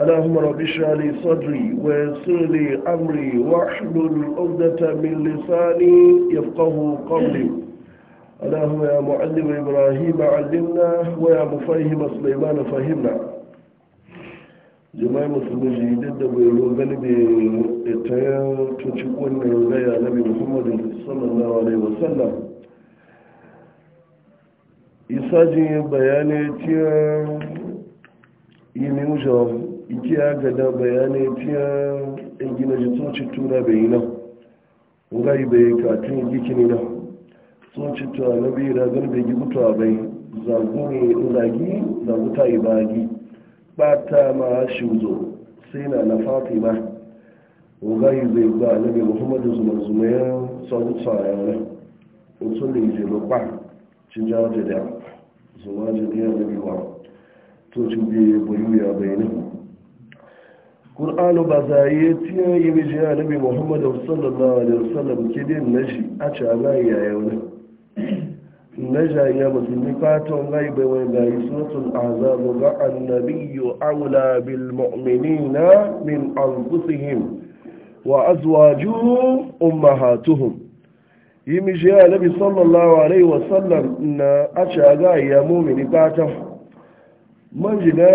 اللهم رب اشرح صدري ويسر لي امري واحلل عقده من لساني يفقه قولي اللهم يا معلم ابراهيم علمنا ويا مفهم سليمان فهمنا جماعه مسلم جديد ده بيقولوا غالبي اتيا تشكون يا نبي محمد صلى الله عليه وسلم يساجي بيانيتي يمي وجوه iki ga da bayanai tiya in gina ji tsoci tura bai nan ngai bai katin gikini na tsoci tura na biyu bai garbe a bai zaguni zagi zaguta ibagi ta ma zo sai na na fatima ngai zai ba na bai muhammadu zuma zuma ya sabu tsaya ne otun da ba cin cinjawa da zuwa jidiyar na biyuwa to cin biyu ya bayu ya bayanin قرآن بزايتي يبجي نبي محمد صلى الله عليه وسلم كده نجي أتعالى يا يونا نجا يا مسلمي مسلمات غيب وغاي سورة الأعزاب رأى النبي أولى بالمؤمنين من أنفسهم وأزواجه أمهاتهم يمجي يا نبي صلى الله عليه وسلم أتعالى يا مؤمن man jiga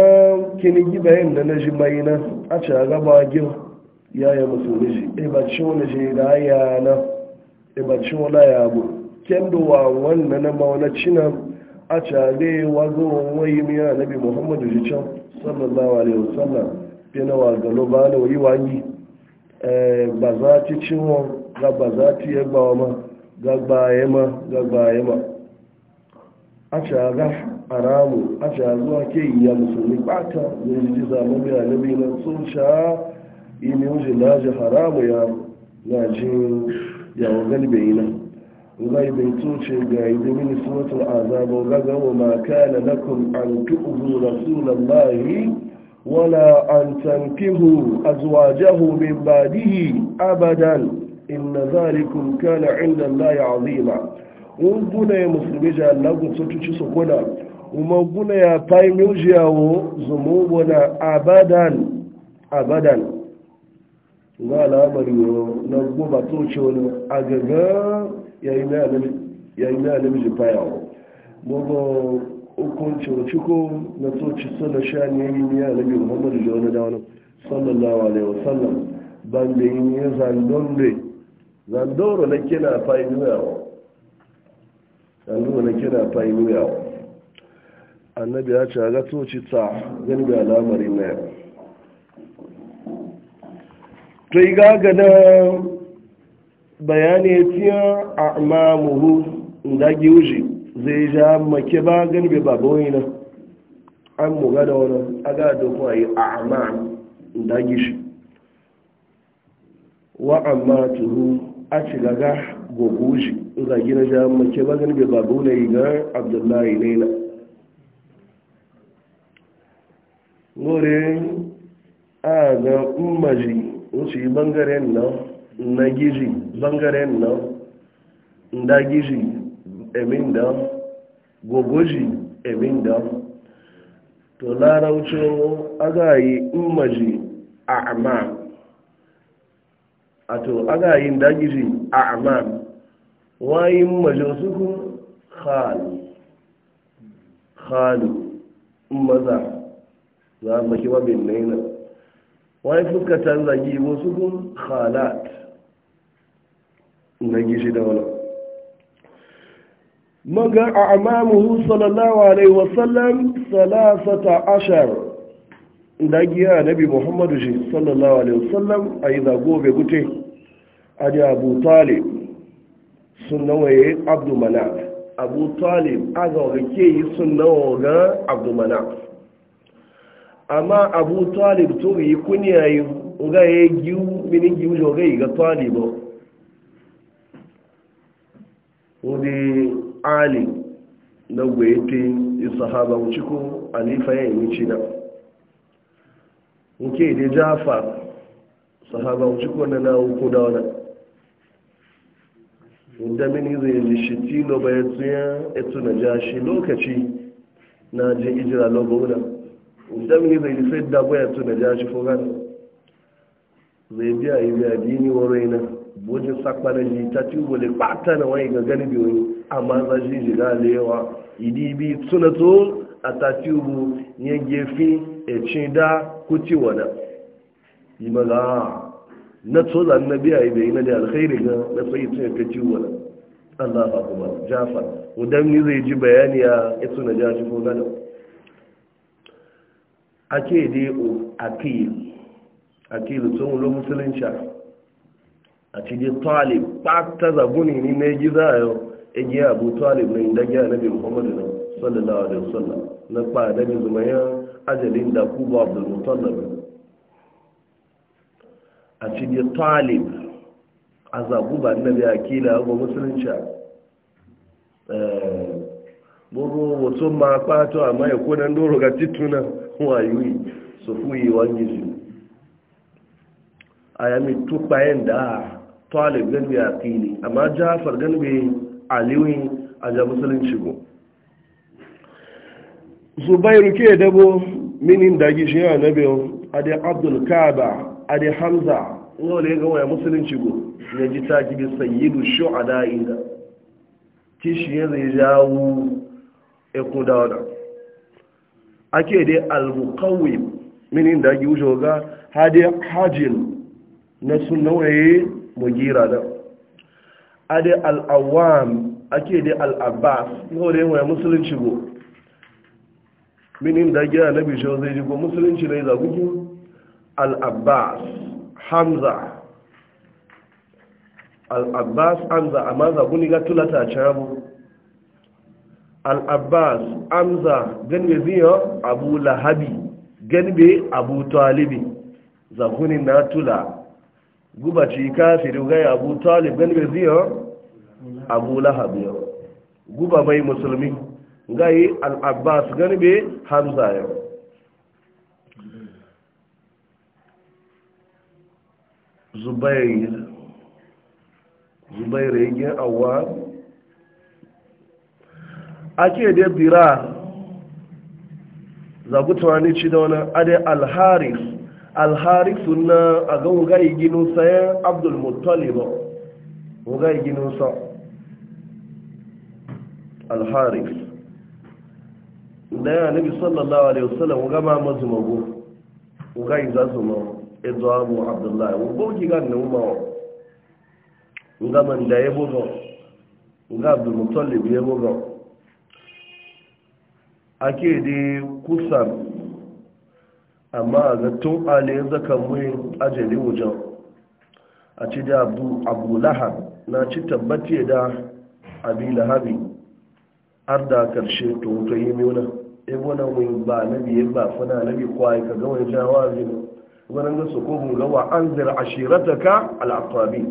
kini giba yin da na ji mai a ce a gaba gil ya yi musu da shi e wani shi da ya na e ba ci wani ya bu wa wannan na mawana cina a ce a zai wazo wani miya na bi muhammadu shi can sallallahu alaihi wasallam yana wa galo ba na wani wani e, ba za ci ciwon ga ba za ci yagbawa ma ga ba ma ga ba ma a shaga haramu a shazuwa ke iya musulmi bata zai ji zama mai alabi na sun sha imi wuce na ji haramu ya na ji yawon galibe yi nan zai bai toce ga yi mini suratul azabo gagawa ma kana lakum an tu'zu rasulallahi wala badihi abadan inna zalikum kana inda azima guna ya musulmi ji allagun sotuci su kuna kuma guna ya fai miujiyawo zumubu na abadan abadan ga al'amari na guba toce wani agaga yayi mai alamiji fayawo gbogbo hukunci ciko na toci sana shani ne yi ne alabi muhammadu da na dawanin sallallahu alaihi wasallam ban da yi ne zandon zandoro na kina fai miujiyawo yanzu wani kira pioneer annabi ya ce ga tsoci ta gani da al'amari mai to yi gagana bayani tiya a mamuhu da giwuji zai ja make ba gani bai babu wani an muga da wani aga da kuma yi a amma da gishi wa amma tuhu a cigaga gaga gogoji zagi na ja mace ba gani bai babu na igar abdullahi ne na nore a ga umarji wasu yi bangaren na na bangaren na nda emin da gogoji emin da to laraucin aga yi umarji a amma a to aga yi ndagiji a amma wayin malisuhun khalu khalu maza za a maki wabin naina wani fuskatan zagi wasu kun khalat na gishi da wani maga a amamuhu sallallahu alaihi wasallam salasata ashar dagiya nabi muhammadu shi sallallahu alaihi wasallam a yi zagobe gute a abu talib suna waye abdulmanaf abu talib aga wake yi suna waga abdulmanaf amma abu talib to yi kunya yi ga ya giwu mini giwu da ga yi ga talibo wani ali na gwete isahaba wuciku alifa ya yi cina nke da jafa sahaba wuciku na na hukun wadanda ndamini mini zai lishiti lo bai tsuya etu na jashi lokaci na je ijira lagoda bauna zai lisai da bai etu na jashi shi zai biya biya dini wa raina bojin sakpa ji ta tubo le pata na wani ga gani biyu amma za shi jiga lewa idi bi tuna a ta tubo ya gefi e cin da kuti na. na tsoza na biya yi bai na da alkhairi ga na sai tun ka ci wala Allah ba kuma jafa wadan ni zai ji bayani ya isu na jashi ko gado ake dai o akil akil tun lo musulunci a ci dai talib ba ta zabuni ni ne giza yau igi abu talib ne da ga nabi Muhammadu sallallahu alaihi wasallam na kwa da zumaya ajalin da kubu Abdul Muttalib a cikin talib a zaɓu ba na biya akila ga musulunci buru eh, wasu ma kwato a mai kunan doro ga tituna wayuyi su fuyi wani su a yami tukpayen da talib gan biya kili amma jafar gan biya aliwi a ja musulunci go zubairu ke dabo minin dagi shi ya nabe adi abdul kaba adi hamza ngole ga waya musulunci go ya ji taki bi sayyidu shu'ada inda tishi ya zai jawo e ku da wannan ake dai al-muqawwim min inda gi ujo ga hadi hajin na sunnawaye mugira da ade al-awam ake dai al-abbas ngole waya musulunci go min inda gi annabi shi zai ji go musulunci ne za gugu al'abbas hamza al'abbas hamza amma ni ga tulata cabu al'abbas hamza ganbe ziyo abu lahabi ganbe abu talibi zaguni na tula gubaci kafiru gai abu talib ganbe ziyo abu lahabi guba mai musulmi gai al'abbas ganbe hamza yau zubair zubair yagin awa ake da bira zagutuwa ne ci da wani ade alharis alharis na a ga wugayi ginu sayan abdulmuttaliba wugayi ginu sa alharis da yana nabi sallallahu alaihi wasallam wuga ma mazumago wugayi za su mawa izuwamu abdullahi wugbo gigan na umaru nga man da ya nga abdulmutallib ya bugo ake da kusan amma a ga tun ale zaka mai ajali wujan a ci da abu lahab na ci tabbati da abi lahabi har da karshe to to yi miuna ebo na wani ba nabi ba fana nabi kwaye ka ga wani jawabi ne wani da su kohun gawa an zira shirata ka al'akwabi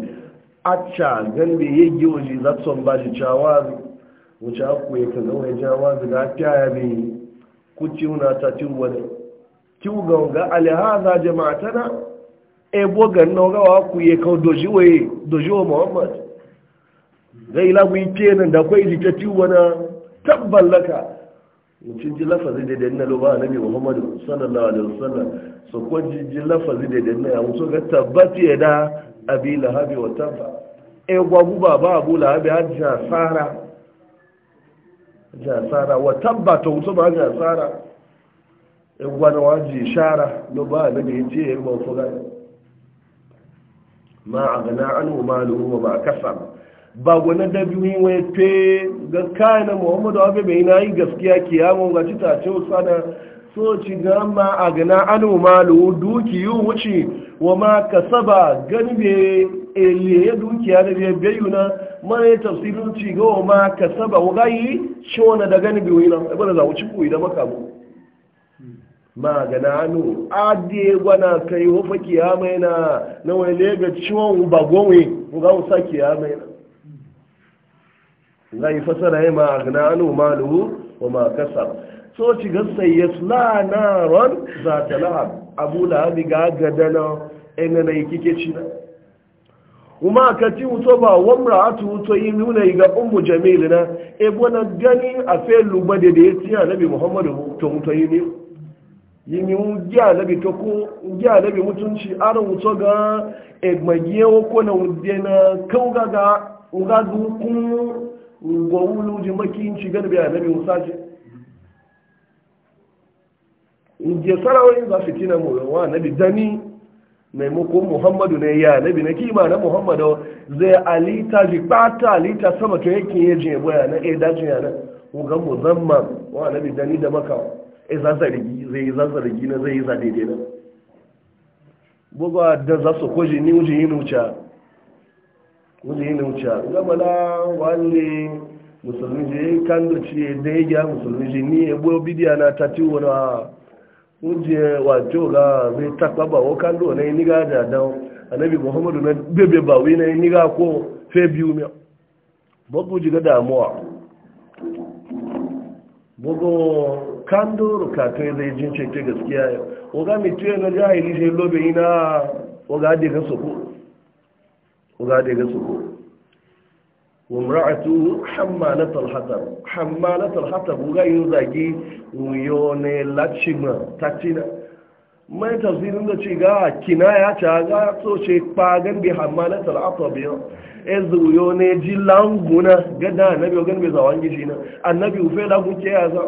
a ca gan da ya yi waje za su ba shi cawazi wuce aku ya kan gawa ya cawazi ga kyaya mai kuci wuna ta tiwon kiwu ga wanga jama'a tana ebo gan na gawa ku ya kawo dojiwa muhammad zai lagu yi kenan da kwai jikati wana tabbalaka mutum ji lafazi da na lo ba annabi muhammadu sallallahu alaihi wasallam so ko ji ji lafazi da na ya muso ga tabbati ya da abi lahabi wa tabba e gwagu ba ba abu lahabi har ja sara ja sara wa tabba to muso ba ja sara e gwana waji shara loba ba annabi ya ce ya ba so ga ma agna anhu maluhu wa ma kasaba ba gwana da biyu wai fe ga kayan muhammadu abu bai na yi gaskiya kiyamo ga cita ce sana so ci gama a gana anu malu duki yi wuce wa ma kasaba gani be eliye dukiya da bai biyu na mana ya tafsirin ci ga wa ma kasaba wa gayi shi wani da gani biyu na da za wuce kuwa da bu ma gana anu adi gwana kai hufa kiyamai na na wani lega ciwon bagonwe ga wusa kiyamai na zai fasara ya ma agnanu maluhu wa ma kasar so ci ga sayyasla naron za ta lahab abu lahabi ga gadana ina na kike cina kuma ka ci wuto ba wamra a wuto yi nuna ga ummu jamilu na e bona gani a fe luba da da ya ci nabi muhammadu to wuto yi ne yi mi wuji nabi to ko wuji nabi mutunci ara wuto ga egbagiye ko na wudena kauga ga ugadu kun gwamnu ji makinci garbi a nabi musa ce je sarawai za su tina mu wa nabi dani maimakon muhammadu ne ya nabi na kima na muhammadu zai alita ji kpata alita sama to yake ya je boya na ɗaya eh, dajin yana ga zamma wa nabi dani da maka e eh, zazzargi zai yi zazzargi na zai yi daidai na bugu da za su koji ni wuce yin wuce wuje ne wuce gama na wani musulmi je kan da ci da ya gya musulmi je ni ya bo bidiya na ta ci wani wuje wato ga zai takwa ba wa kan da wani niga da dan annabi muhammadu na bebe ba wi na niga ko fe biyu mi babu ji ga damuwa bugu kan doro kakai zai jin ce gaskiya yau oga mai tuye na jahili sai lobe ina oga adi ga soko za da ga su ko wa hammalatul hatab hammalatul hatab ga yi zagi yo ne lachima tatina mai tafsirin da ce ga kina ya ta ga so ce pagan bi hammalatul hatab ya ezu yo ne guna ga da annabi ga be zawan gishi na annabi ufe la ku ke ya za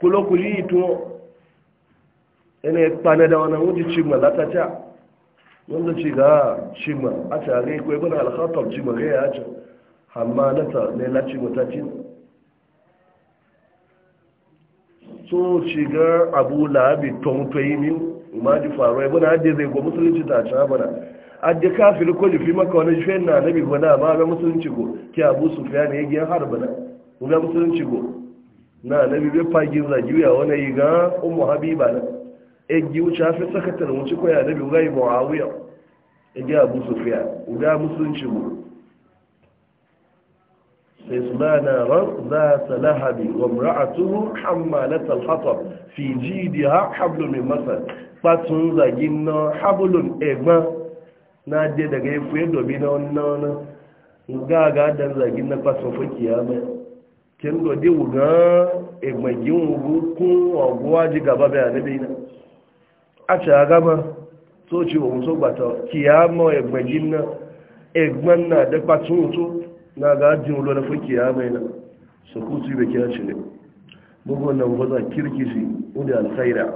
kulo kuli to ene da wannan wuji chimala tata wanda ci ga cima a tare kwai bana alhatar cima ga ya ci amma na ta ne cima ta ci so ci abu labi ton toyi min ma ji faru ya bana hadde zai go musulunci ta ci bana adde kafir ko fi maka wani shi na nabi ko na ma ga musulunci go ki abu sufyan ya gyan har bana mu ga musulunci go na nabi bai fagin zagiya wani yi ga ummu habiba na egi wuce hafi sakatar wuce koya da biyu gai bawa wuya egi abu sufiya uga musulunci mu sai su ba na ran za ta lahabi wa mura'atuhu hammalatar hatab fi jidi ha hablun min masar fatun zagin na hablun egba na je daga ya fuye domin na wani wani ga ga dan zagin na fatun fakiya mai kin gode wuga egbagin wugu kun wagowa ji gaba bayanai bai na a ci agama so ci wa kiyama na egban da na ga ajin ulo na fuki mai na su kutu ibe kira ne bugun nan waza kirkishi wadda alkhaira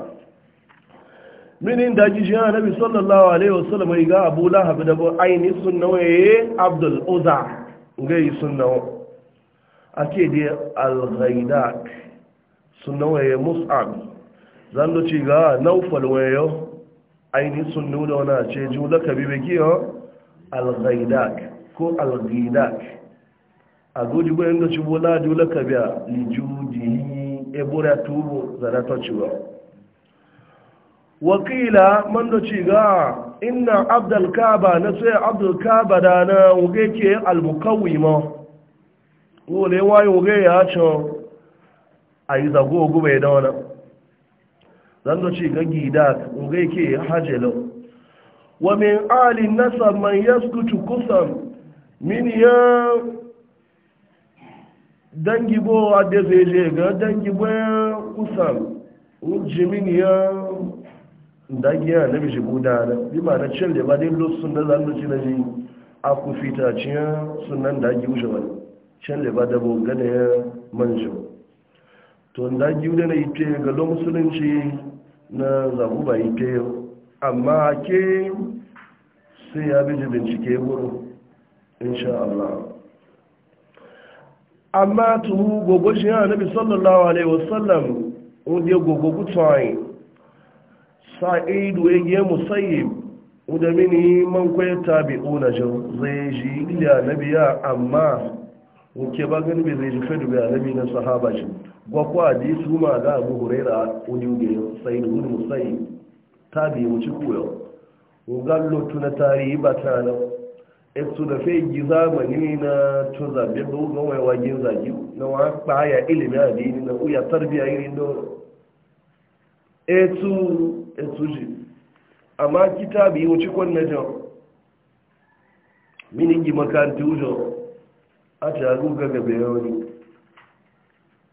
minin da sallallahu alaihi wasallam ga abu abdul zan ci ga naufal wayo aini sun nuna wani ce jula ka bi baki yau alghaidak ko alghaidak a guji gwayin da e ci bola jula ka biya lijuji ebura tubo zara ta ciwa wakila man da ci ga inna abdul kaba na sai abdul kaba da na wuge ke albukawi ma. wole wayo wuge ya ce a yi zago gube da wani zando ci ga gida ga yake hajjelo wa min ali nasa man yaskutu kusan min ya dangi bo ade zeje ga dangi bo kusan ujji min ya dangi ya nabi shi guda da bi ma na cin da ba dai lo da zando ci na ji aku fita ciyan sunan dangi ushe wani cin da ba da bo ga da manjo to da giwuda na ite lo musulunci na zabu ba ite amma ke sai ya bi bincike wurin insha Allah amma tuhu gogo shi ya nabi sallallahu alaihi wasallam wanda gogo gutsayi sa'idu ya ge musayyib man mini man kwaye tabi'una zai ji ila nabiya amma wuke ba gani bai zai ji fadu bai alami na sahaba shi gwakwa hadisi ma ga abu huraira wani uge sai da wani musayi ta bi wuce koyo ugallo tuna tarihi ba ta nan etu da fai gi zamani na tun zabe ba ugan wai wagin zagi na wa kpaya ilimi a adini na uya tarbiya irin doro etu etu ji amma kitabi wuce kwan na jan mini gi makarantu jan a ci gabe yawon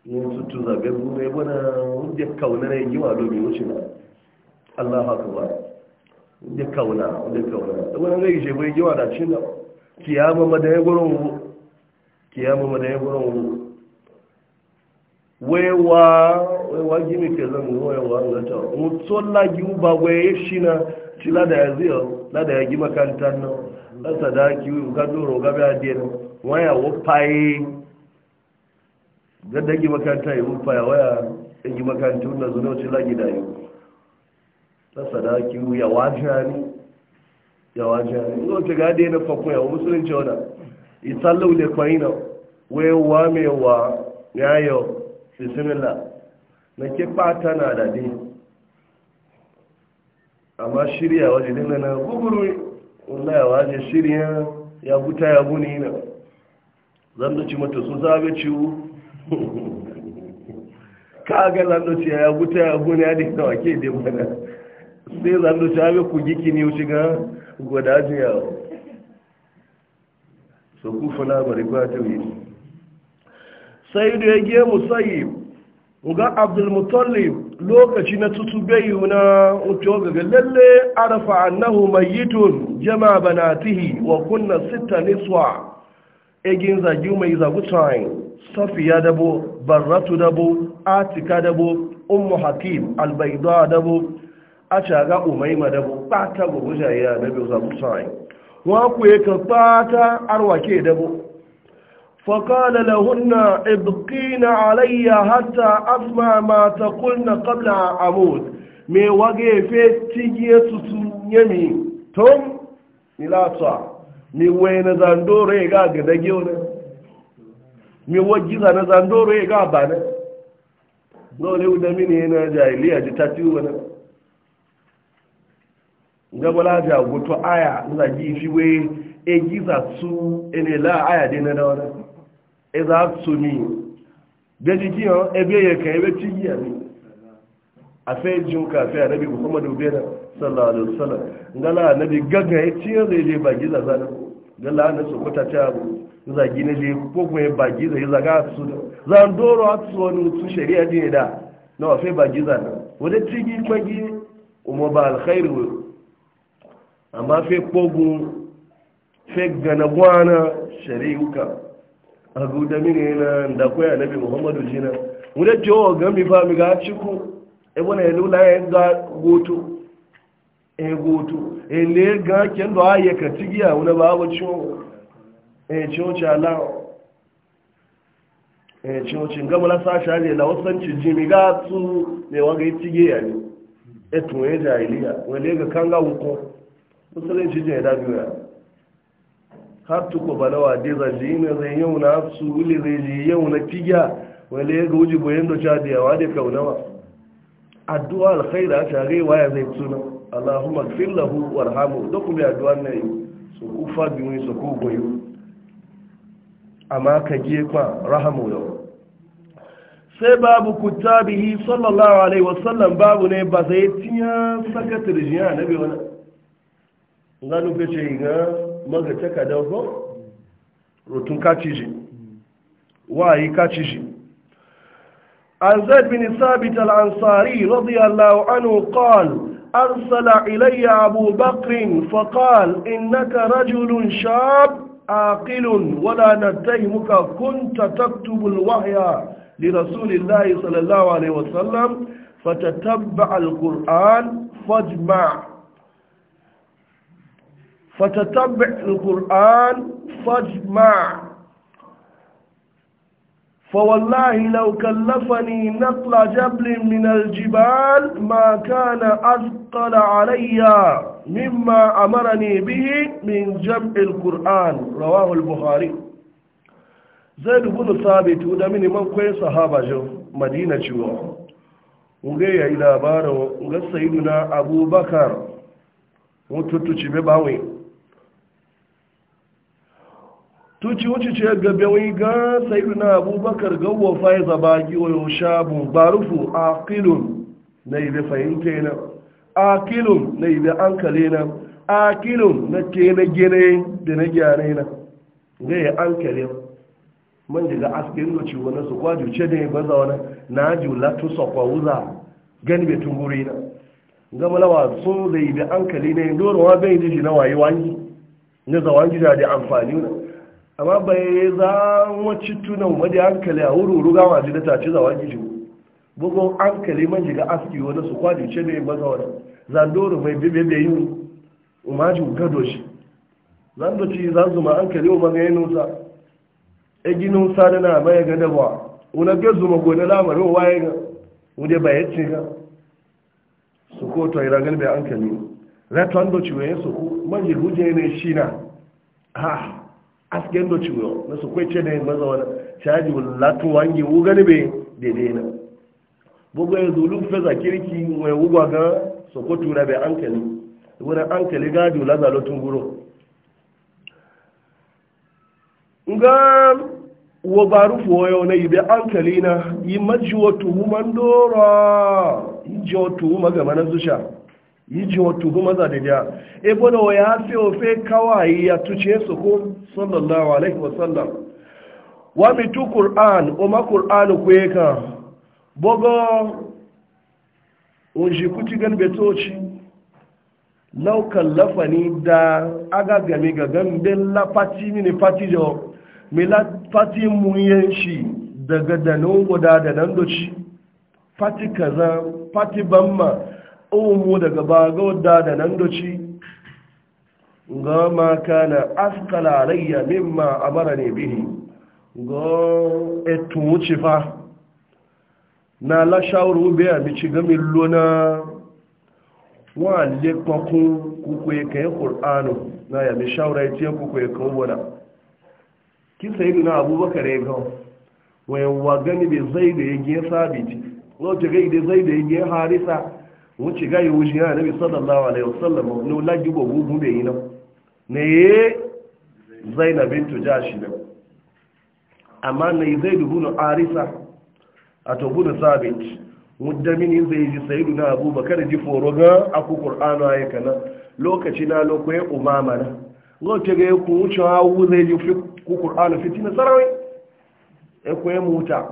yin tutu zabe gume ndị kauna na yi wa domin wuce na allah haka ba wanda kauna wanda kauna da wani rai shi bai yiwa da cin da kiyama madayin gurin wu kiyama madayin gurin wu wewa wewa gini ke zan wewa zata mutum lagi ba waye shi na ci lada ya ziyar lada ya gi makantar nan lasa da ki wuka doro waya wufaye ga dangi makaranta ya wufaye waya dangi makaranta na zuwa wace lagi da yau ta sadaki ya wajiya ne ya wajiya ne wace ga gade na fakon ya musulunci wana isallau da waya wa mai wa yayo bismillah na ke fata na dade amma shirya waje dinna na wanda ya waje shirya ya buta ya guni na zandoci mata su zaga ciwo ga zandoci ya guta ya gona ya dina wake da mana sai zandoci ya ku giki ne wuce ga gwada jiya so ku fana bari ba ta yi sai da ya giye musayi ga abdulmutallib lokaci na tutu tutubayu na uto ga lalle arafa annahu mayyitun jama banatihi wa kunna sitta niswa egin zagi mai zagu tain sofi ya dabo baratu dabo atika dabo umu hakim albaido dabo a caga umaima dabo bata gurguja ya dabe zagu tain wa ku yi karfata arwake dabo fakada lahunna ibkina alayya hatta asma mata kulna kabla amur mai wage fe tigye su sun yami tun milatuwa mi wai na zandoro ya ga ga dage wani mi wajiza na zandoro ya ga ba na dole wuda mini na jahiliya ji ta ci wani gabala ja goto aya zagi fi wai e giza su ene la aya de na dawana e za su mi beji kiyo eh, e be ye kan e be ci yi abi afe junka afe nabi muhammadu bena sallallahu alaihi wasallam ngala nabi gaga e ci yo de ba giza na. galla da su kwata ta zagi ne je ko kuma ba bagi zai zaga su zan doro a su wani su shari'a ne da na ba bagi zan Wani tigi kwagi umma ba alkhairu amma fe kogun fe gana gwana shari'uka a guda mini na da koya nabi muhammadu jina wani jowa wa gami fa mi ga ciku ebe na ya lula ya ga goto egoto ele ga kendo aye ka tigiya wani babu cho e cho cha la e cho ci ga mala sa sha ne la wasan ci jimi ga su ne ga yi ya ne e to e jahiliya le ga kanga wuko musulunci je da biya har ko balawa de za ji ne zai yau na su wuli zai ji yau na tigiya wani ga wuji boyen do cha da de da wa addu'a alkhaira ta ga waya zai tsuna Allahumma gfir lahu warhamu duk bi addu'a ne su kufa bi su ku goyo amma ka je kwa rahamu yau sai babu kutabihi sallallahu alaihi wasallam babu ne ba sai tiya saka na nabi wani nganu pe ce ga maga taka da ko rutun kaciji wayi kaciji عن زيد بن ثابت الأنصاري رضي الله عنه قال أرسل إلي أبو بكر فقال إنك رجل شاب عاقل ولا نتهمك كنت تكتب الوحي لرسول الله صلى الله عليه وسلم فتتبع القرآن فاجمع فتتبع القرآن فاجمع فوالله لو كلفني نقل جبل من الجبال ما كان أثقل علي مما أمرني به من جمع القرآن رواه البخاري زيد بن ثابت وده من من كوي صحابة جو مدينة جو ونجي إلى بارو ونجي سيدنا أبو بكر وتتشبه باوي tuci wuce ce gabe wai ga sayyidina abubakar gawwa fai zabagi wa yushabu barufu aqilun na ibe fahimta yana aqilun na ibe ankale na aqilun na ke na gine da na gyare na ga ya ankale man daga askin da ciwo na su kwaju ce da baza wani na ji latu sakwa wuza gani bai tunguri na gama lawa sun zai da ankale ne dorowa bai ji na wayi wani na zawangi da amfani na amma bai za wacce tunan wadda hankali a wuri gawa waje na tace zawa gijo bugun hankali man jiga aski wani su kwaji ce mai maza wani zandoro mai bibe bai yi umaji gado shi zandoci za zuma ma hankali wa maga nusa e ginin sada na mai ga dabuwa una ga zuma gona lamarin waye ga wude bai yace ga su ko to iragal bai hankali ratan do ciwe su man jiga huje ne shi na ha asken do ciwo na su ce ne maza wani caji latu wangi wugani bai daidai na bugu ya zulu feza kirki mai wugwa ga sokoto tura bai ankali wani ankali gadi laza lotun guro ga wabaru foyo na yi ankali na yi majiwa tuhuman dora yi jiwa tuhu ga mana zusha yiji wa kuma za da biya e bada wa ya fi ofe kawai ya tuce su ko sallallahu alaihi wasallam wa mitu qur'an o ma qur'an ku ka bogo ji kuti gan betoci law kallafani da aga game ga gan ben la pati ni ne pati jo mi la pati mu shi daga da guda da nan doci pati kaza pati bamma umu daga bagauda da nan doci ga maka na askala alayya mimma amara ne bihi ga etu wuce fa na lashawaru biya mi ci gami na. wa le kwakun kukwe kan qur'anu na ya mi shawara ya ce kukwe kan wala kisa yi na abubakar ya ga wayan wa gani bai zai da ya ge sabiti lokacin ga ide zai da ya harisa wuce gayi wuce ya nabi sallallahu alaihi wasallam ne lagi bo gugu be yi nan ne zainab bintu jashi nan amma ne zaid ibn arisa ato ibn sabit muddamin zai ji na abubakar ji foro ga aku qur'anu ay kana lokaci na lokoye umama na lokaci ga ku wuce hawu zai ji ku qur'anu fitina sarawi e ku muta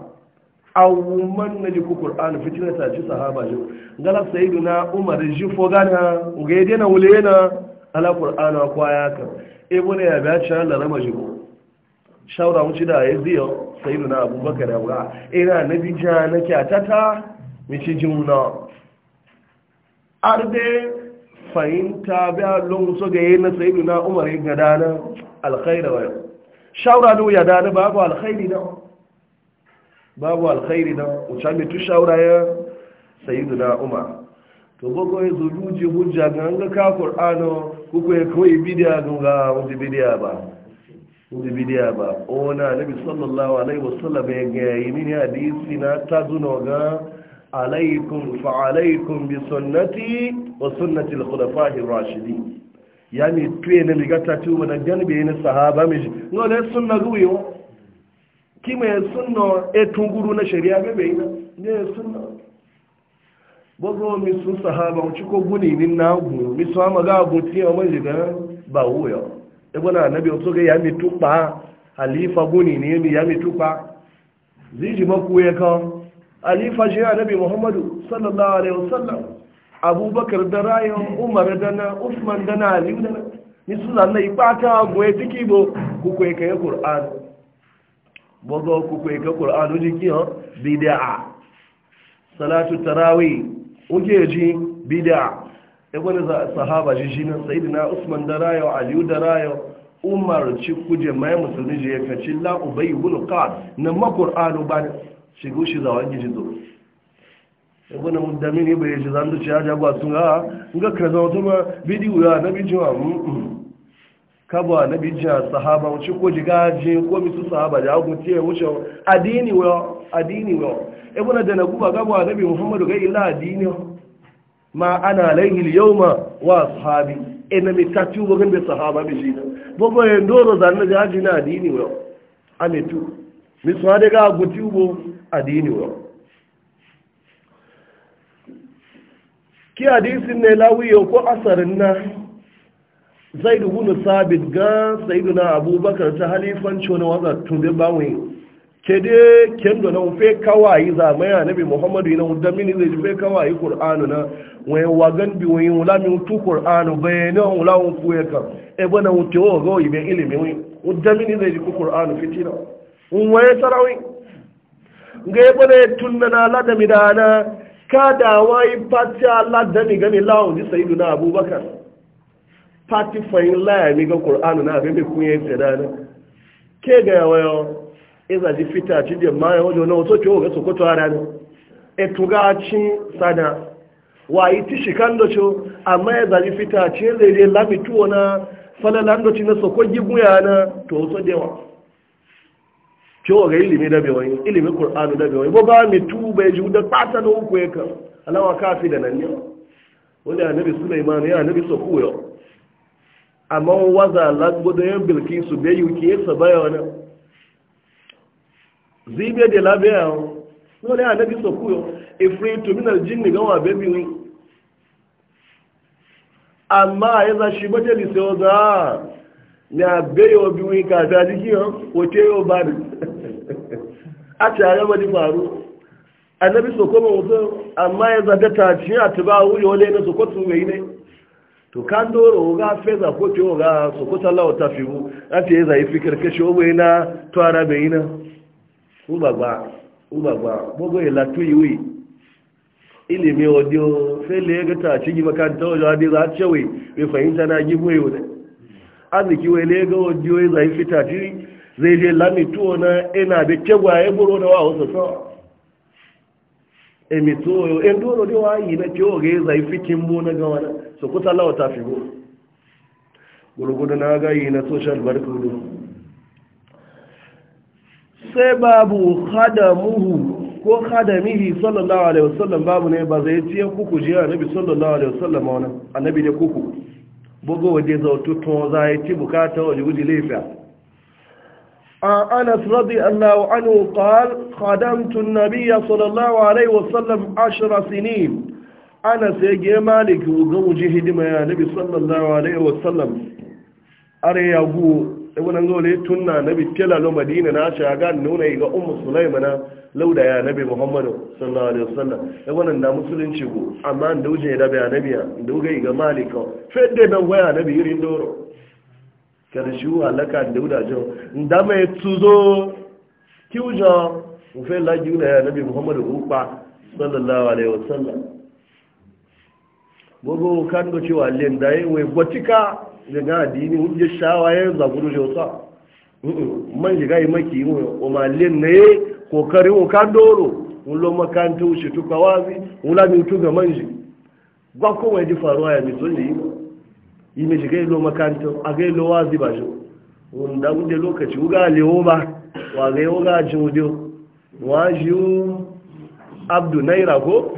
awuman na jiku ƙur'an fitina ta ci sahaba yau galar sayidu na umar ji fogana ga yadda na wule na ala ƙur'an a kwaya ka ebo ne ya biya can rama jiku shawara wuce da ya e ziyo sayidu na abubakar ya wura ina e na bija na kyatata mici jimuna arde fahimta biya lungu so ga yi na sayidu na umar yin e gada na alkhairawa shawara ne ya dana babu alkhairi na babu alkhairi na wuce mai tusha wuraya sayi na umar to boko ya zuluji hujja ga an ga ka qur'ano kuku ya kawai bidiya ga wani bidiya ba wani bidiya ba ona nabi sallallahu alaihi wasallam ya ga yi mini hadisi na ta ga alaikum fa alaikum bi sunnati wa sunnati al khulafa'i rashidin yani tuye ne ligata tuwa na janbe ne sahaba mi ngole sunna guyo kima ya sunna etun guru na shari'a bebe ina ne ya sunna bogo mi sun sahaba mu ciko guni nin na gu mi so ama ga gu ti o mai ga ba wo yo e bona nabi ga ya mi tupa halifa guni ni mi ya mi tupa ziji maku ya kan halifa shi nabi muhammadu sallallahu alaihi wasallam abubakar da rayan umar da na usman da na ali da ni su zanna ipata gu e tiki bo ku ko e kai bogo ku ko ka qur'an uji kiyo salatu tarawih uje ji bid'a e gona sahaba ji shi nan sayyidina usman darayo aliyu da darayo umar ci kuje mai musulmi je ya kaci la ubay ibn qad na ma qur'anu ba shi gushi zawan ji zo e gona bai ibe ji zandu ci aja gwa sun ga ga kaza wato ma bidiyo ya nabi jiwa kaba na bija sahaba wuce ko jigaje ko misu sahaba da hagu tiye wuce adini wa adini wa ibuna da naguba gaba nabi muhammadu ga illa adini ma ana laihi yawma wa ashabi ina mi tatu bo gambe sahaba bi jina bobo e ndoro na da adini adini wa ame tu mi so ade ga guti ubo adini wa ki hadisin ne lawiyo ko asarin na zai da gunu sabit ga sayiduna abubakar ta halifanci wani tunbe wasa ke bawon kede da na fe kawai za mai annabi muhammadu ina da mini zai fe kawai qur'anu na wai wagan bi wai wala mi tu qur'anu bayana wala un kuya e ka e bana wuce o go ibe ilimi wai da mini zai ku qur'anu fitina un waye sarawi ga e, e bana e tunna na la da midana kada wai fatta la da ni gani lawo ni sayyiduna abubakar pati fayin ga ƙor'anu na abin bai ya yin tsada na ke ga yawa yawon iza ji fita ci da ma yawon jona wato ke oga sokoto a ranar etu ga ci sada wa yi ti shikan da ci amma ya zaji fita ci lere lamituwa na falalan da ci na soko giguya na to wato da yawa ke oga ilimi da bewai ilimi ƙor'anu da bewai ba ba mi tu bai ji da ɓata da uku ya kan alawa kafi da nan yau wani annabi Suleiman ya annabi sokuwa yau amma waza lagbodoyin bilkisu bai yuki ya saba ya wani zibe da labe ya wani wani a nabi sokuyo ifri tuminar jin ni gawa bebi ni amma ya za shi bace lise o ni a bai yau bi wani ka ta jiki yan wace yau ba ni a tare ba faru a nabi sokuyo ma wuzo amma ya zaga ta ci a tuba wuri wani na sokotu mai ne to kan ga feza ko to ga so ko sallawa ta fi bu an ce zai fikir kashe to ara be ina ubagba ubagba bogo ila tu yiwi ilimi odio fele ga ta ci gi makanta ojo adi za cewe be fahimta na gi boye wala aziki wele ga odio zai fita ji zai je lami tuona ina be tegwa e boro na wa so emitoyo enduro de wayi na kyoge zai fikin mu na gawa na so kusa lawa ta figo gurgudu na yi na social barkudu sai babu khadamuhu ko khadamihi sallallahu alaihi wasallam babu ne ba zai tiye kuku jiya nabi sallallahu alaihi wasallam wannan annabi da kuku bogo waje zautu to zai ti bukata waje wudi lafiya عن أنس رضي الله عنه قال خدمت النبي صلى الله عليه وسلم عشر سنين أنس يجي مالك وقوجه دم يا نبي صلى الله عليه وسلم أري أبو ابو نقول إيه تنا نبي تلا لو مدينة ناشا قال نونا يقى أم سليمان لو دا يا نبي محمد صلى الله عليه وسلم ابو نا مسلم شبو أما ندوجه دبي يا نبي ندوجه يقى مالك فدي بويا نبي يرين دورو karshe halaka da wudajen da mai tuzo kiwujan mufe la Juna ya nabi muhammadu rufa sallallahu alaihi wasallam gbogbo kan da cewa len da ya wai gwatika da na adini wuje shawaye zaguru jauta man shiga yi maki yi ma len na ya kokarin wukan doro wulo makanta wuce tukawazi wula mai tuga manji ba kowai ji faruwa ya mai tsoji yi yi mai shiga ilo makaranta a ga ilo wazi ba shi wanda wunde lokaci wuga lewo ba wa ga yi wuga jin wudiyo wa ji abdu naira ko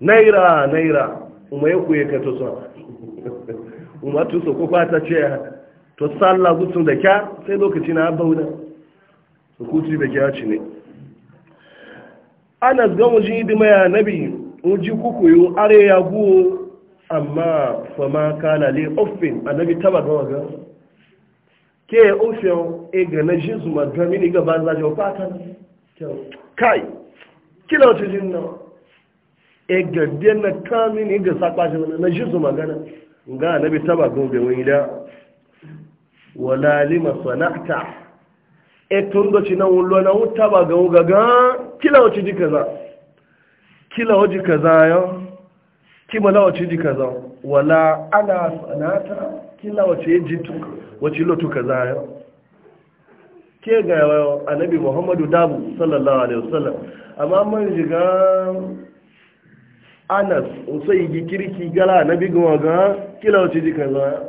naira naira kuma ya kuye ka tosa kuma tuso ko kwata ce to sallah gutsun da kya sai lokaci na bauna hukuci da kya ci ne anas ga mujin hidima ya nabi mujin kuku yi are ya guwo amma fama kana le ofin annabi taba ga waga ke ofin e na jizu ma ga mini ga ban zaje fata kai kila wata jin na e ga den na ta mini ga sakwa shi na jizu magana ga annabi taba ga be wani da wala lima sana'ta e tun do ci na wulo na wuta ba ga ga kila wata ji kaza kila wata kaza yau kima la wace ji kaza wala ana sanata kila wace ji wace lotu kaza ya ke ga annabi muhammadu dabu sallallahu alaihi wasallam amma mun jiga anas usai gi kirki gala annabi ga ga kila wace ji kaza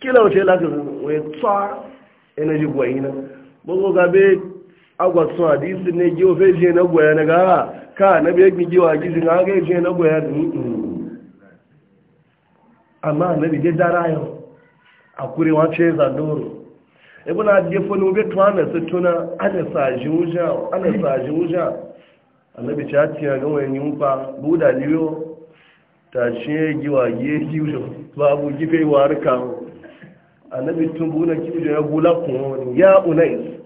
kila wace la kaza wai tsa energy gwaina bugo gabe agwasu hadisi ne giyo fe je na ya na ka na biya giyo hadisi na ga je na goya ni mm, mm. amma na bi de a akure wa ce za doro ibn adifo no be na se tuna ana sa juja ana sa juja annabi ta tiya ga wayan yumpa buda liyo ta ce ya giyo babu gife warka annabi tun buna ya gula kun ya unais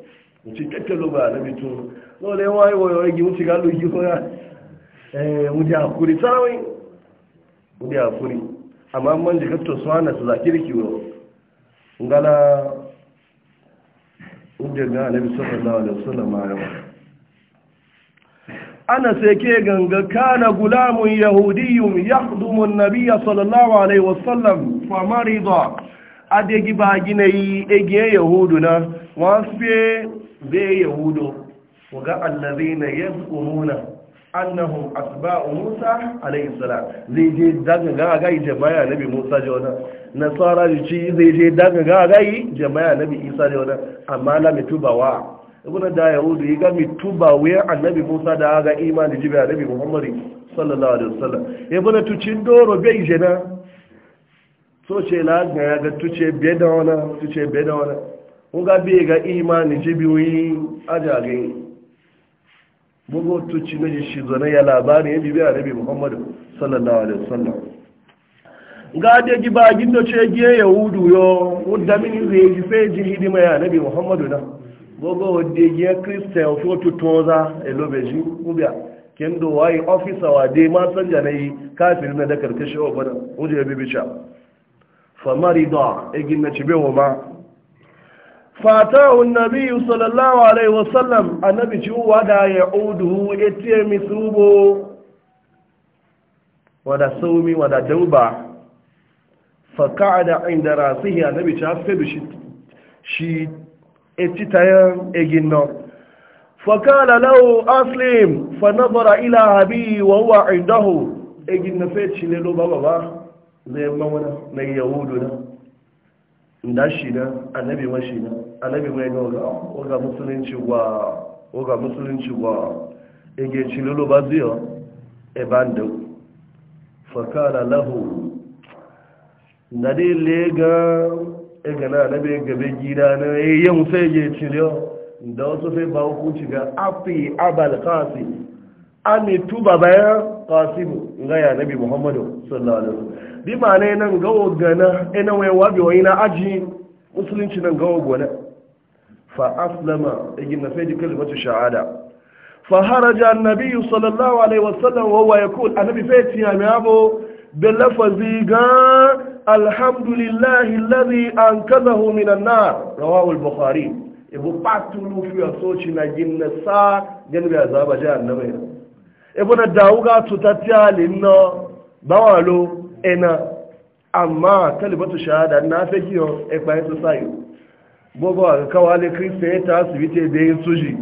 wuce tattalo ba na bito no le wai wai wai gi ga galo gi ko ya eh wuce hakuri sarawai wuce hakuri amma man da kafto suwana su zakiri kiwo ngala inda ga annabi sallallahu alaihi wasallam ya ana sai ke ganga kana gulamun yahudiyyun yakhdumu an-nabiyya sallallahu alaihi wasallam fa marida adegi ba ginayi egiye yahuduna wasu be yahudo waga allazina yazkumuna annahum asba'u musa alayhi salam zai je daga ga ga jama'a nabi musa jona nasara ji zai je daga ga ga jama'a nabi isa jona amma la mitubawa ibn da yahudu yi ga mituba wayar annabi musa da ga imani jibi annabi muhammadu sallallahu alaihi wasallam ibn tucin doro bai jena so ce la ga ga tuce be da wana tuce be da wana nga biye ga imani jibiyoyi ajage bugu tuci na ji shi zane ya labari ya e bibiya muhammadu sallallahu alaihi wasallam ga ce e yo wadda zai muhammadu na bugu wadda giye kristiyan fi otu ofisa e wa dai ma janayi kafin na da karkashin wa famari da egin na ma fatahu nabiyu sallallahu alaihi wasallam annabi ci wada ya udu etiye misubo wada saumi wada dauba fa qa'ada inda rasihi annabi ci afedu shi shi etitayan eginno fa qala lahu aslim fa nadara ila habi wa huwa indahu eginna fe ci le lo baba ba zai mawana na yahudu na Nda shida na annabi mashi na annabi mai ga oga musulunci gwa oga musulunci gwa ege cilolo ba ziyo ebando fakara lahu da lega ega na annabi gabe gida na e yayin musa ege cilio da ndị sai ba hukunci ga afi abal kasi ami tuba ya. قاسم غيا نبي محمد صلى الله عليه وسلم بما علينا نغو غنا انا وي وابي وينا اجي مسلمين شنو نغو غنا فاسلم اجينا فيدي كلمه الشهاده فهرج النبي صلى الله عليه وسلم وهو يقول النبي فيتي يا ابو بلفظ الحمد لله الذي انقذه من النار رواه البخاري يبقى تلو في صوتي نجين سا جنبي عذاب جهنم ebona dawuga tutatiya linna bawalo ena amma kalibatu shahada na fe kiyo e pa yesu sayo bogo aka wale kristiyan ta asibiti da yin suji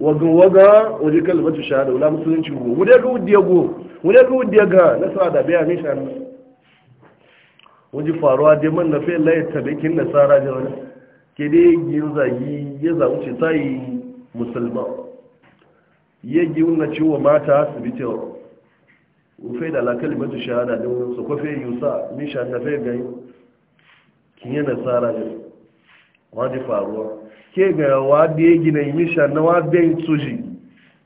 wagan waga waje kalibatu shahada wala musulunci go wude ga wudiya go wude ga wudiya ga na sa da biya mishan waje faruwa dai man na fe laye tabikin nasara da ke dai yin zagi ya zamuce sai musulman yegi na ciwo mata su bi asibito ufe da lakali mata shahada da wani su kofe yusa misha na fe gani kinye nasara ne wani faruwa ke ga wadi ya gina yi misha na wadden tsoji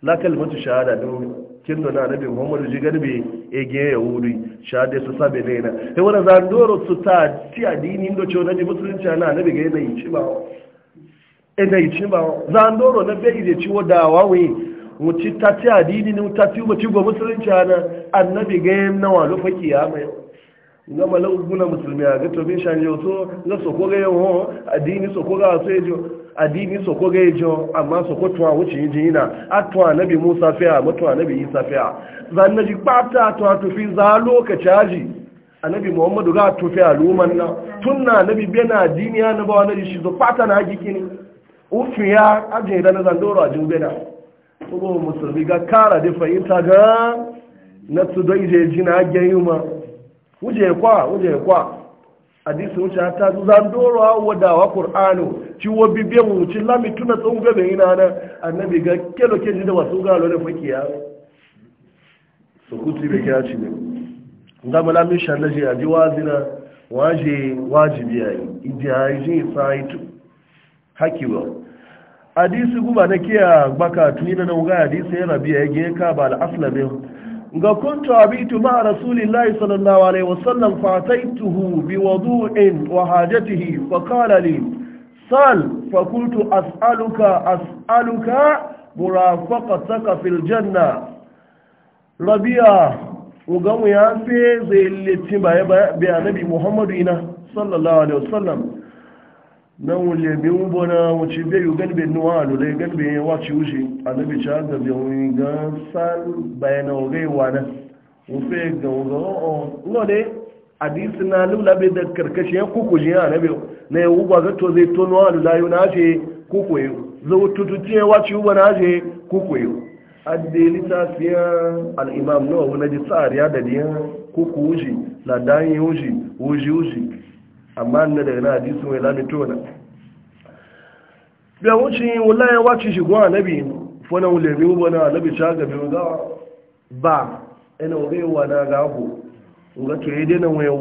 lakali mata shahada da wani kin da na nabi muhammadu jigar bai ege ya wuri shahada su sabe na yana ya wani zandoro su ta ti adini inda ciwo na bi musulunci na nabi ga yi ci ba yanayi ci ba zandoro na bai da ciwo da wawai wuci ta ci adini ne ta ci mace ga musulunci ana annabi ga yin nawa lufa ya mai ga malaguna musulmi a gato bin shan yau so na soko ga yau hon adini soko ga so yajo adini soko ga yajo amma soko tuwa wuce yi jina a tuwa nabi musa fiya ma tuwa nabi isa fiya zan na ji kpata tuwa tufi za lokaci aji bi muhammadu ga tufi aluman na tun na nabi bena adini ya na bawa na ji shi zo kpata na hakiki ne ufiya ajin da na zan doro ajin bena kuma musulmi ga kara da fahimta ga na su don je jina gen yi ma wuje kwa wuje kwa hadisi wuce ta zuza doro wadawa qur'anu ci wo bibiyan wuce lami tuna tsohon gabe na nan annabi ga kelo ke ji da wasu galo da fakiya su kuti bai kira ci ne gama lami shallaje a ji wazina waje wajibi yayi idi ayi ji sa'itu hakiwa hadisi guba na kiya baka tuni na nan hadisi ya rabiya ya gaya ka ba al-aslamin ga kuntu abitu ma rasulillahi sallallahu alaihi wasallam fa bi wudu'in wa hajatihi fa qala li sal fa qultu as'aluka as'aluka murafaqataka fil janna rabiya ugamu ya fe zai litin ya bi annabi muhammadu ina sallallahu alaihi wasallam nan wule bi wubo na wuce bai yi galibin nuwa a lura galibin ya wace wuce a nabi ci har da bai wuni ga san bayanan ogai wana wufe ga wuga o'o no dai hadisi na lula bai da karkashi ya kuku ji ya nabi na ya e ga to zai to nuwa a lura yau na ce kuku yau zau tututi ya wace wuba na ce kuku yau addini ta fiya al'imam nawa wani ji tsariya da diyan kuku wuce na dayin wuce wuce wuce amma na daga na hadisi mai lamito na biya wuce wallahi wace shi nabi fona ulemi ubo na nabi ta ga ba ina ga ku ga to yede na we na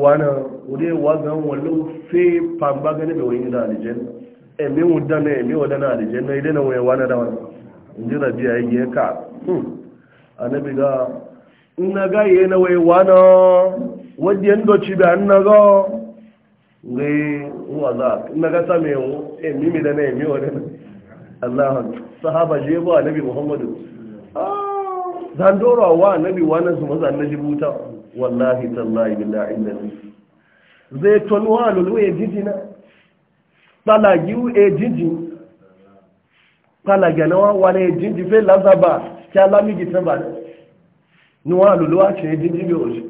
ure ga wallo fe pamba ga wani da emi wada na aljanna e yede na we na da wani inji rabiya yake ka hmm. ga ina ga na do ngai wa za na ga same mu eh mimi da ne mi wannan Allah sahaba je ba nabi Muhammadu ah zan doro wa nabi wannan su maza na buta. wallahi tallahi billahi illahi zai tonwa lulu e eh, jijina pala giu e jiji pala eh, gana wa wala e eh, jiji fe lazaba kya lami gitaba nuwa lulu a ce jiji bi oji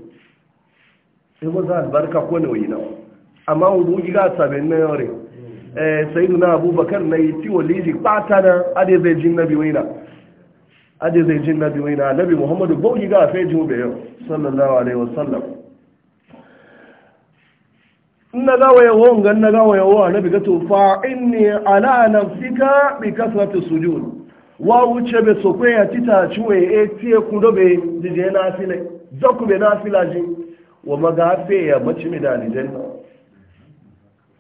sai mu za albarka ko ne wayina amma wudu giga sabin na yore sai na abubakar na yi tiwo liji ɓata na ade zai jin nabi waina ade zai jin nabi waina nabi muhammadu bau giga fai jimu bai yau sallallahu alaihi wasallam na gawa yawo ngan na gawa yawo annabi gato fa inni ala nafsika bi su sujud wa wuce bai sokwe ya tita chuwe e tie kundo be dije na fila. zoku bai na fila ji wa maga fe ya mace mi da aljanna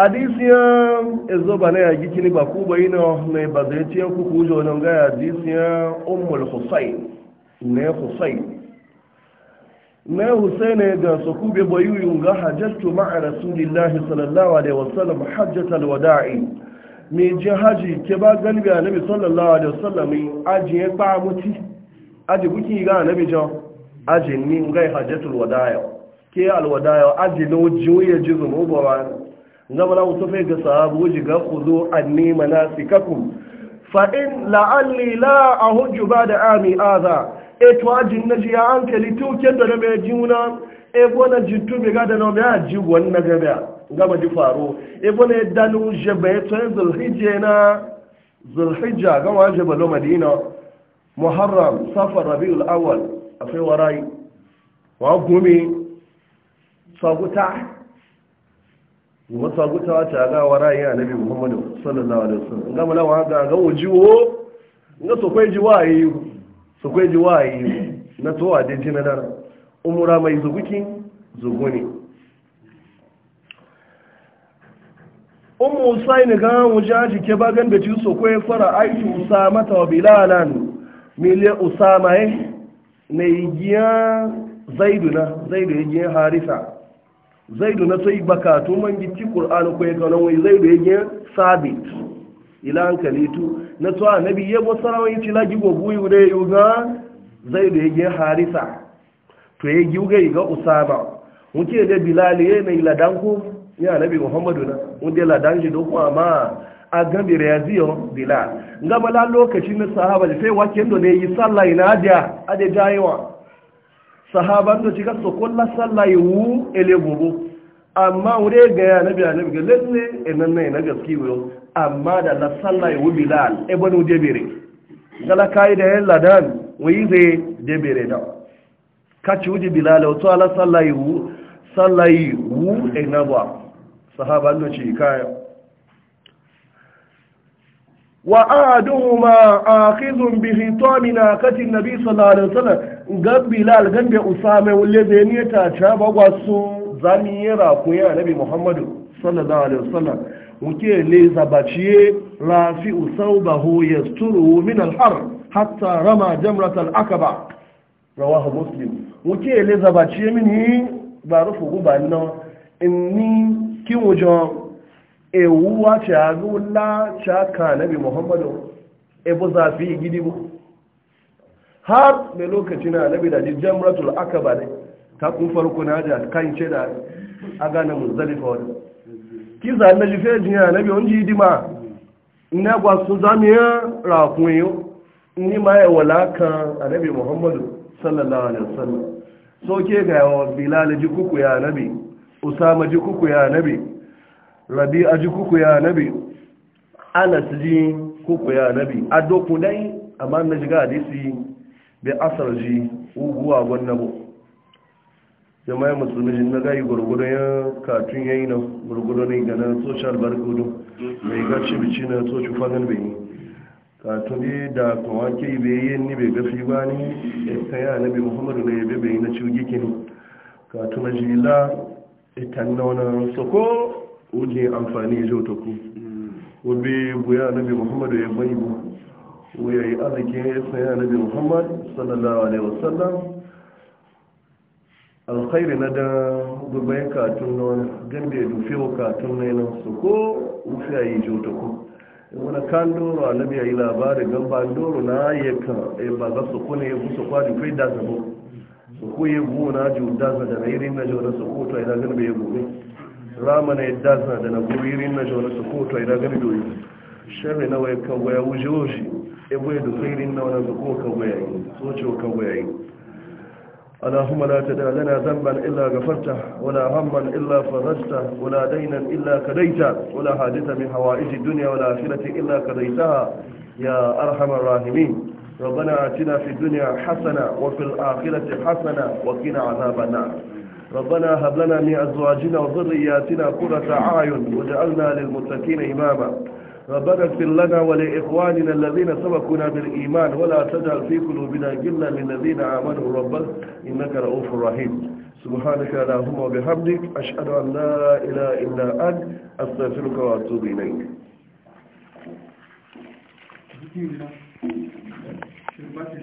hadisiyan ezo ba na yagi kini ba ku ino na mai bazaitiyan ku kujo nan ga hadisiyan ummul husayn ne husayn ne husayn ga su ku be bayu yun ga hajjatu ma'a rasulillahi sallallahu alaihi wasallam hajjatul wada'i mi je haji ke ba galibi nabi sallallahu alaihi wasallam aji ya e ba muti aji buki ga nabi jo aji ni ngai hajjatul wada'i ke alwada'i aji no jiwe ya jizu mu ba zama na fai ga sahabu jiga ku zo an nema na sikaku fa'in la'alli la a ba da ami aza e to jin na jiya an kali tuken da na mai jiuna e bona jitu mai gada da na mai ji wannan e gaba gaba ji faro e bona ya danu jebe to yin zulhijja na zulhijja ga jebe lo madina muharram safar rabiul a fai warai wa gumi ta masa gutawa ta ga wa a Nabi muhammadu sallallahu alaihi wasallam nga mala wa ga ga wujiwo na so kai ji wayi so kai ji wayi na to ade ji na dara umura mai zuguki zuguni ummu usaini ga wujaji ke bagan da ci so kai fara aiki usama ta bilalan mile usama ne giya zaiduna zaidu ne giya harisa zaidu na sai baka to man gitti qur'ani ko yaka nan wai zaidu yake sabit ila hankali tu na to annabi ya bo sarawa yi laji go buyi da yuga zaidu yake harisa to ya yuga ga usama muke da bilal ya mai ladan ko ya annabi muhammadu na Mun da ladan shi do ko amma a gambe riyaziyo bilal ngaba la lokacin na sahaba sai wakin do ne yi sallah ina da ade jaiwa sahaban da shiga su kulla sallah wu ele bubu amma wure ga ya nabi nabi ga lalle enan ne na gaski wuyo amma da la sallah wu bilal ibn udebere gala kai da yan ladan wayi zai debere da kaci uji bilal to ala sallah wu sallah wu enabwa sahaban da cikin وآدهما آخذ بخطام ناقة النبي صلى الله عليه وسلم قد بلال قد بأسامة والذين يتعشاب وقصوا زميرا كويا نبي محمد صلى الله عليه وسلم وكي ليزا باتشي رافع ثوبه يستره من الحر حتى رمى جمرة العقبة رواه مسلم وكي ليزا باتشي منه بعرفه قبعنا إني كي وجان ewuwa cagula caka nabi muhammadu ebo zafi gidi bu har da lokaci na nabi da ji ratul akaba ne ta kun farko na da kan ce da a gane muzalifa wani kiza na jife jiya nabi wani jidima ina gwa sun ya rakun yau ni ma ya walaka a nabi muhammadu sallallahu alaihi wasallam so ga yawa bilal ji kuku ya nabi usama ji kuku ya nabi rabi a ji kuku ya nabi anas ji kuku ya nabi a doku dai amma na ji su yi bai asar ji uguwa gwannabo jama'ai musulmi shi na gayi gurgudu ya katun yi na gurgudu ne ga na social barkudu mai gaci bici na social fagen bai yi katun ne da kuma ke bai yi ni bai gafi ba ni ya kaya nabi muhammadu na yabe bai na cikin gikin katun na jila ita nauna soko wujin amfani ya ta ku wabe buya bi muhammadu ya bai bu wuya yi arziki ya na bi muhammad sallallahu alaihi wasallam alkhairi na da dubayin katun na wani ganda ya dufe wa katun na yanar su ko wufi a yi jota ku wani kan doro alabi ya yi labarin gamba doro na ayyuka ya ba za su kone ya busa kwadi fai da zabo su ko ya bu na ju da zada na irin na jona su ko yi na ganda ya gobe ramana yadda suna da na e, na jona su koto ya daga bidoyi sharri na waya kagwa ya wuce wuce ebo na wani zuko yi tsocewa لا تدع لنا ذنبا إلا غفرته ولا هما إلا فرجته ولا دينا إلا كديته ولا حادثة من حوائج الدنيا والآخرة إلا كديتها يا أرحم الراحمين ربنا آتنا في الدنيا حسنة وفي الآخرة حسنة وقنا عذاب النار ربنا هب لنا من أزواجنا وذرياتنا قرة أعين واجعلنا للمتقين إماما ربنا اغفر لنا ولإخواننا الذين سبقونا بالإيمان ولا تجعل في قلوبنا غلا للذين آمنوا ربنا إنك رؤوف رحيم سبحانك اللهم وبحمدك أشهد أن لا إله إلا أنت أستغفرك وأتوب إليك Thank you.